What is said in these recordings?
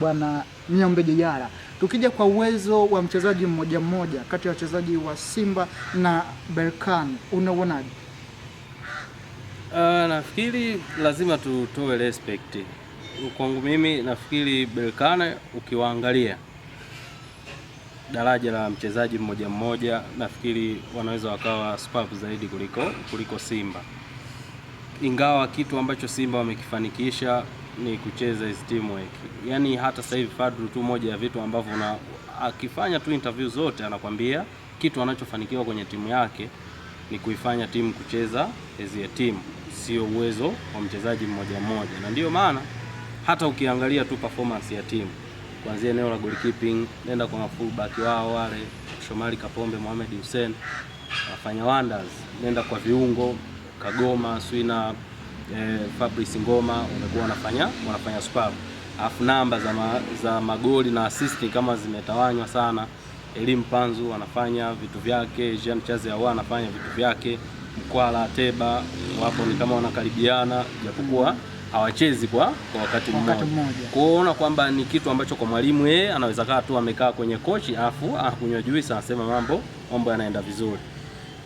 Bwana Miombe Jejara. Tukija kwa uwezo wa mchezaji mmoja mmoja kati ya wachezaji wa Simba na Berkane, unauonaje? Uh, nafikiri lazima tutoe respect. Kwangu mimi nafikiri Berkane ukiwaangalia daraja la mchezaji mmoja mmoja, nafikiri wanaweza wakawa superb zaidi kuliko kuliko Simba, ingawa kitu ambacho Simba wamekifanikisha ni kucheza his teamwork. Yaani hata sasa hivi Fadru tu moja ya vitu ambavyo na akifanya tu interview zote anakwambia kitu anachofanikiwa kwenye timu yake ni kuifanya timu kucheza as a team, sio uwezo wa mchezaji mmoja mmoja, na ndio maana hata ukiangalia tu performance ya timu kuanzia eneo la goalkeeping, nenda kwa fullback wao wale Shomari Kapombe, Mohamed Hussein wafanya wonders, nenda kwa viungo Kagoma Swina eh, Fabrice Ngoma umekuwa unafanya unafanya super. Alafu namba za, ma, za magoli na assist kama zimetawanywa sana. Elim Panzu anafanya vitu vyake, Jean Chaze Ahoua anafanya vitu vyake, Mkwala Teba wapo ni kama wanakaribiana japokuwa hawachezi kwa kwa wakati mmoja. Kwa hiyo kwamba ni kitu ambacho kwa mwalimu yeye anaweza kaa tu amekaa kwenye kochi afu anakunywa ah, juisi anasema mambo mambo yanaenda vizuri,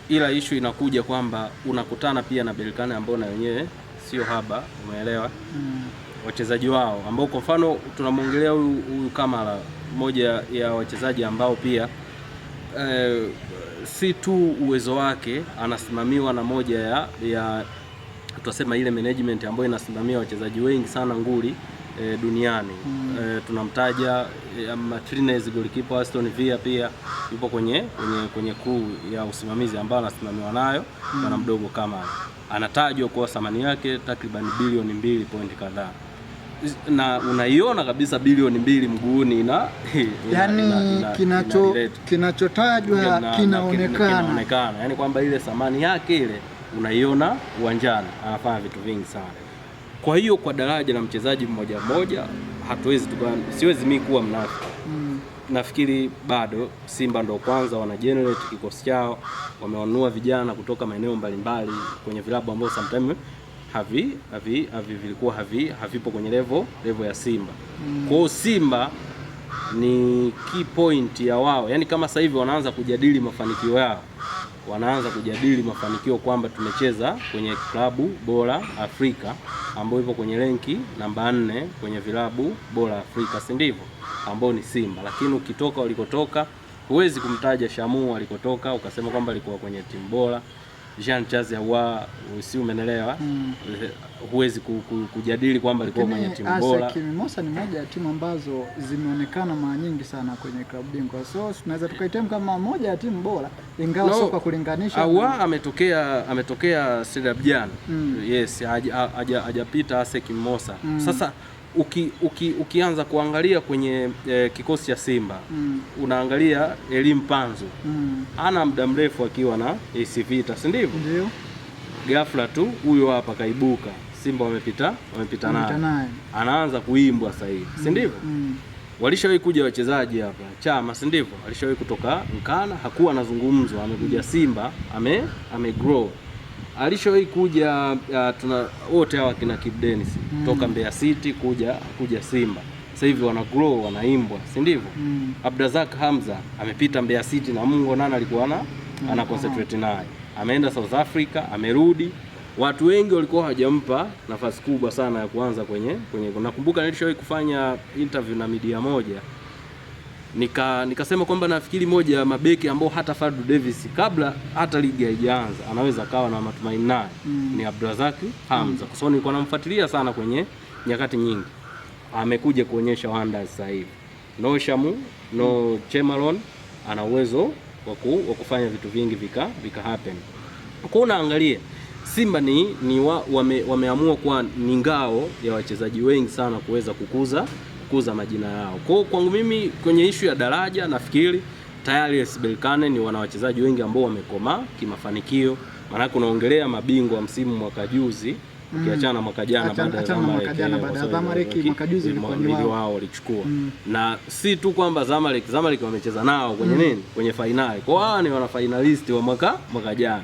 ila issue inakuja kwamba unakutana pia na Berkane ambao na wenyewe sio haba, umeelewa mm. wachezaji wao ambao kwa mfano tunamwongelea huyu Kamara, moja ya wachezaji ambao pia e, si tu uwezo wake anasimamiwa na moja ya, ya tunasema ile management ambayo inasimamia wachezaji wengi sana nguli e, duniani mm. E, tunamtaja e, Martinez goalkeeper Aston Villa pia yupo kwenye kwenye, kwenye kuu ya usimamizi ambayo anasimamiwa nayo mm. Bwana mdogo kama anatajwa kuwa thamani yake takriban bilioni mbili pointi kadhaa na unaiona kabisa bilioni mbili mguuni na yani kinacho kinachotajwa kinaonekana, yani kwamba ile thamani yake ile unaiona uwanjani, anafanya vitu vingi sana. Kwa hiyo kwa daraja la mchezaji mmoja mmoja hatuwezi tukana, siwezi mimi kuwa mnafiki mm. Nafikiri bado Simba ndo kwanza wana generate kikosi chao, wamewanua vijana kutoka maeneo mbalimbali kwenye vilabu ambao sometimes havi havi havi vilikuwa havi havipo kwenye level level ya Simba mm. Kwa Simba ni key point ya wao, yani kama sasa hivi wanaanza kujadili mafanikio yao wanaanza kujadili mafanikio kwamba tumecheza kwenye klabu bora Afrika ambayo ipo kwenye renki namba nne kwenye vilabu bora Afrika, si ndivyo? Ambao ni Simba. Lakini ukitoka walikotoka, huwezi kumtaja Shamu alikotoka ukasema kwamba alikuwa kwenye timu bora. Jean Charles Ahoua, si umenelewa? mm. huwezi ku, ku, kujadili kwamba alikuwa kwenye timu bora. Kimosa ni moja ya timu ambazo zimeonekana mara nyingi sana kwenye klabu bingwa, so tunaweza tukaitem kama moja ya timu bora, ingawa no, sio kwa kulinganisha. Ahoua ametokea ametokea Serbia jana mm. yes, hajapita Asec Mimosa mm. sasa uki, uki, ukianza kuangalia kwenye e, kikosi cha Simba mm. unaangalia Elim Panzu mm. ana muda mrefu akiwa na AC Vita, si ndivyo? Ndio. Ghafla tu huyo hapa kaibuka Simba wamepita wamepita naye, anaanza kuimbwa sasa hivi, si mm, ndivyo? mm. mm. Walishawahi kuja wachezaji hapa Chama, si ndivyo? Alishawahi kutoka Nkana, hakuwa anazungumzwa, amekuja Simba ame, ame grow alishowahi kuja uh, tuna wote hawa kina Kip mm. toka Mbeya City kuja kuja Simba sasa hivi wana grow wanaimbwa, si ndivyo? mm. Abdrazak Hamza amepita Mbeya City na Mungo nana alikuwa ana mm. ana concentrate naye, ameenda South Africa, amerudi. Watu wengi walikuwa hawajampa nafasi kubwa sana ya kuanza kwenye kwenye. Nakumbuka nilishowahi kufanya interview na media moja nika nikasema kwamba nafikiri moja ya mabeki ambao hata Fadlu Davis kabla hata ligi haijaanza anaweza kawa na matumaini naye mm. ni Abdulrazak Hamza mm. kwa sababu nilikuwa namfuatilia sana kwenye nyakati nyingi, amekuja kuonyesha wonders sasa hivi. No Shamu no mm. Chemalon ana uwezo wa kufanya vitu vingi vika, vika happen. Kwa unaangalia Simba ni, ni wa, wame, wameamua kuwa ni ngao ya wachezaji wengi sana kuweza kukuza kukuza majina yao. Kwa hiyo kwangu mimi kwenye ishu ya daraja nafikiri tayari AS Berkane ni wana wachezaji wengi ambao wamekomaa kimafanikio, maanake unaongelea mabingwa msimu mwaka juzi ukiachana na mwaka jana baada ya Zamalek, Zamalek mwaka juzi ilikuwa ni wao walichukua, mm. na si tu kwamba Zamalek Zamalek wamecheza nao kwenye mm. nini, kwenye finali Kwa hao ni wana finalist wa mwaka mwaka jana,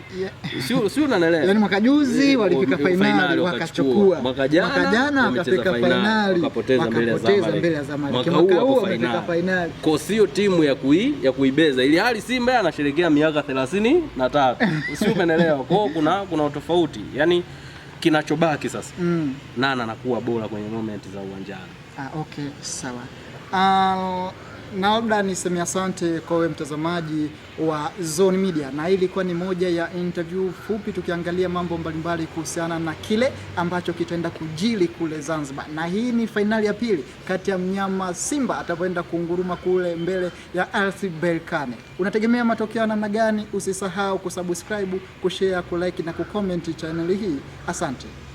sio sio, unaelewa? Yani mwaka juzi eh, walifika finali wakachukua, mwaka jana wakafika finali wakapoteza mbele ya Zamalek, mwaka huu wamefika finali Kwa sio timu ya kui ya kuibeza, ili hali Simba anasherehekea miaka 33 sio, umeelewa? Kwa kuna kuna tofauti yani kinachobaki sasa mm. Nana anakuwa bora kwenye moment za uwanjani. Ah, okay sawa. Uh, na labda niseme asante kwa wewe mtazamaji wa Zone Media, na hii ilikuwa ni moja ya interview fupi tukiangalia mambo mbalimbali kuhusiana na kile ambacho kitaenda kujili kule Zanzibar, na hii ni fainali ya pili kati ya mnyama Simba atapoenda kunguruma kule mbele ya RS Berkane. Unategemea matokeo ya namna gani? Usisahau kusubscribe, kushare, kulike na kucomment chaneli hii. Asante.